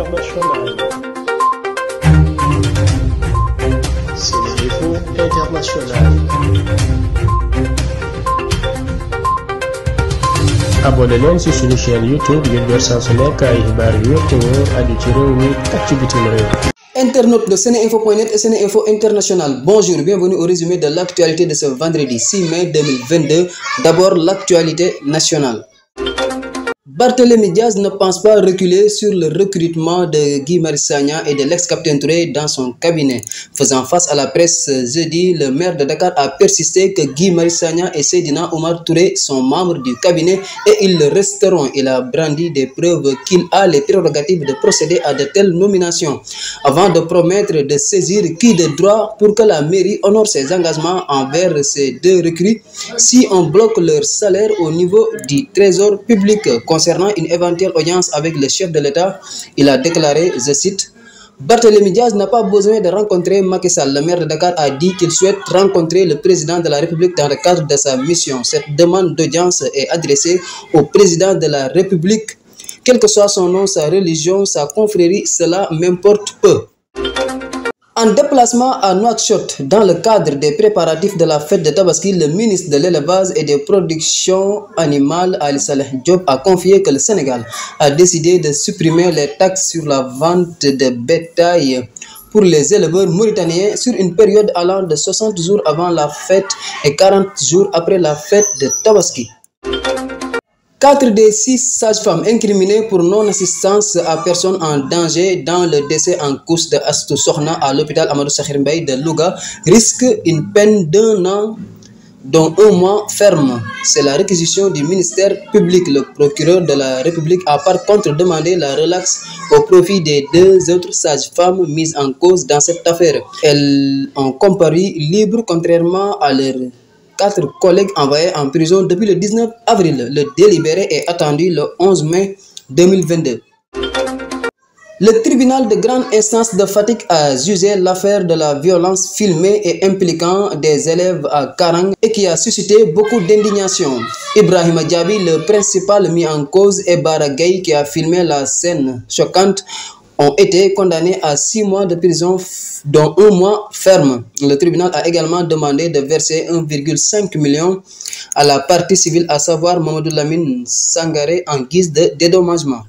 internationale. Sénéinfo International. abonné leen ci suñu chaîne YouTube ngir jot saa su nekk ay xibaar yu wér te wóor aju ci réew mi ak ci bitim réew. de Seneinfo.net et Seneinfo International, bonjour, bienvenue au résumé de l'actualité de ce vendredi 6 mai 2022. Barthélémy Diaz ne pense pas reculer sur le recrutement de Guy Marius Sagna et de l'ex-capitaine Touré dans son cabinet. Faisant face à la presse jeudi, le maire de Dakar a persisté que Guy Marius Sagna et Seydina Omar Touré sont membres du cabinet et ils le resteront. Il a brandi des preuves qu'il a les prérogatives de procéder à de telles nominations avant de promettre de saisir qui de droit pour que la mairie honore ses engagements envers ces deux recrues si on bloque leur au niveau du trésor concernant une éventuelle audience avec le chef de l'État, il a déclaré, je cite, Barthélémy Diaz n'a pas besoin de rencontrer Macky Sall. Le maire de Dakar a dit qu'il souhaite rencontrer le président de la République dans le cadre de sa mission. Cette demande d'audience est adressée au président de la République. Quel que soit son nom, sa religion, sa confrérie, cela m'importe peu. En déplacement à Nouakchott, dans le cadre des préparatifs de la fête de Tabaski, le ministre de l'Élevage et des Productions Animales, Ali Saleh Diop, a confié que le Sénégal a décidé de supprimer les taxes sur la vente de bétail pour les éleveurs mauritaniens sur une période allant de 60 jours avant la fête et 40 jours après la fête de Tabaski. Quatre des six sages-femmes incriminées pour non-assistance à personne en danger dans le décès en cours de Astou Sokhna à l'hôpital Amadou Sakhir de Louga risque une peine d'un an dont un mois ferme. C'est la réquisition du ministère public. Le procureur de la République a par contre demandé la relaxe au profit des deux autres sages-femmes mises en cause dans cette affaire. Elles ont comparu libres contrairement à leur quatre collègues envoyés en prison depuis le 19 avril. Le délibéré est attendu le 11 mai 2022. Le tribunal de grande instance de Fatick a jugé l'affaire de la violence filmée et impliquant des élèves à Karang et qui a suscité beaucoup d'indignation. Ibrahima Diaby, le principal mis en cause, et Bara Gueye qui a filmé la scène choquante ont été condamnés à six mois de prison, dont un mois ferme. Le tribunal a également demandé de verser 1,5 million à la partie civile, à savoir Mamadou Lamine Sangaré, en guise de dédommagement.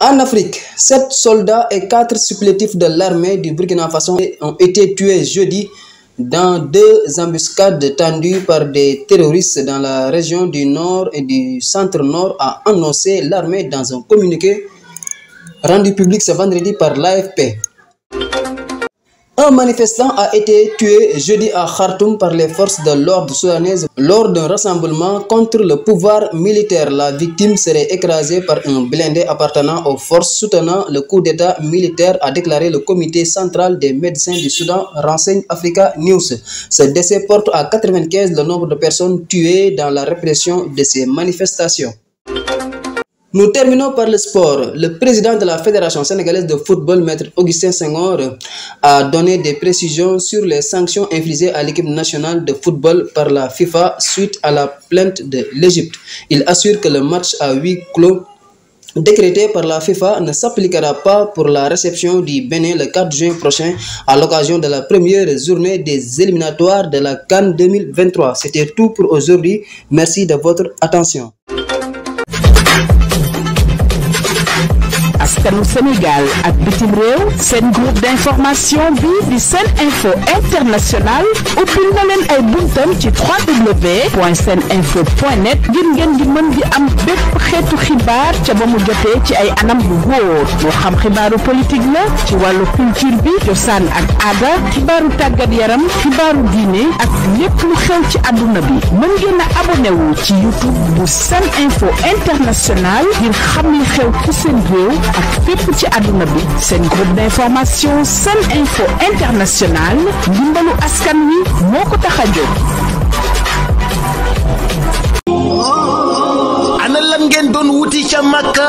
En Afrique, sept soldats et quatre supplétifs de l'armée du Burkina Faso ont été tués jeudi dans deux embuscades tendues par des terroristes dans la région du nord et du centre-nord, a annoncé l'armée dans un communiqué rendu public ce vendredi par l'AFP. Un manifestant a été tué jeudi à Khartoum par les forces de l'ordre soudanaise lors d'un rassemblement contre le pouvoir militaire. La victime serait écrasée par un blindé appartenant aux forces soutenant le coup d'état militaire, a déclaré le comité central des médecins du Soudan, renseigne Africa News. Ce décès porte à 95 le nombre de personnes tuées dans la répression de ces manifestations. Nous terminons par le sport. Le président de la Fédération sénégalaise de football, Maître Augustin Senghor, a donné des précisions sur les sanctions infligées à l'équipe nationale de football par la FIFA suite à la plainte de l'Égypte. Il assure que le match à huis clos décrété par la FIFA ne s'appliquera pas pour la réception du Bénin le 4 juin prochain à l'occasion de la première journée des éliminatoires de la Cannes 2023. C'était tout pour aujourd'hui. Merci de votre attention. askanu ak bitim réew seen groupe d'information bi di seen info international ubbil na leen ay buntam ngir ngeen di mën di am bépp xeetu xibaar ca ba mu jotee ci ay anam bu wóor moo xam xibaaru politique la ci wàllu culture bi cosaan ak aada xibaaru tàggat yaram xibaaru diine ak lépp lu xew ci àdduna bi mën ngeen a ci YouTube bu seen info international ngir xam li xew ci seen réew ak fépp ci àdduna bi seen groupe d'information seen info international ndimbalu askan wi moo ko tax a ana lan ngeen doon wuti ca Makka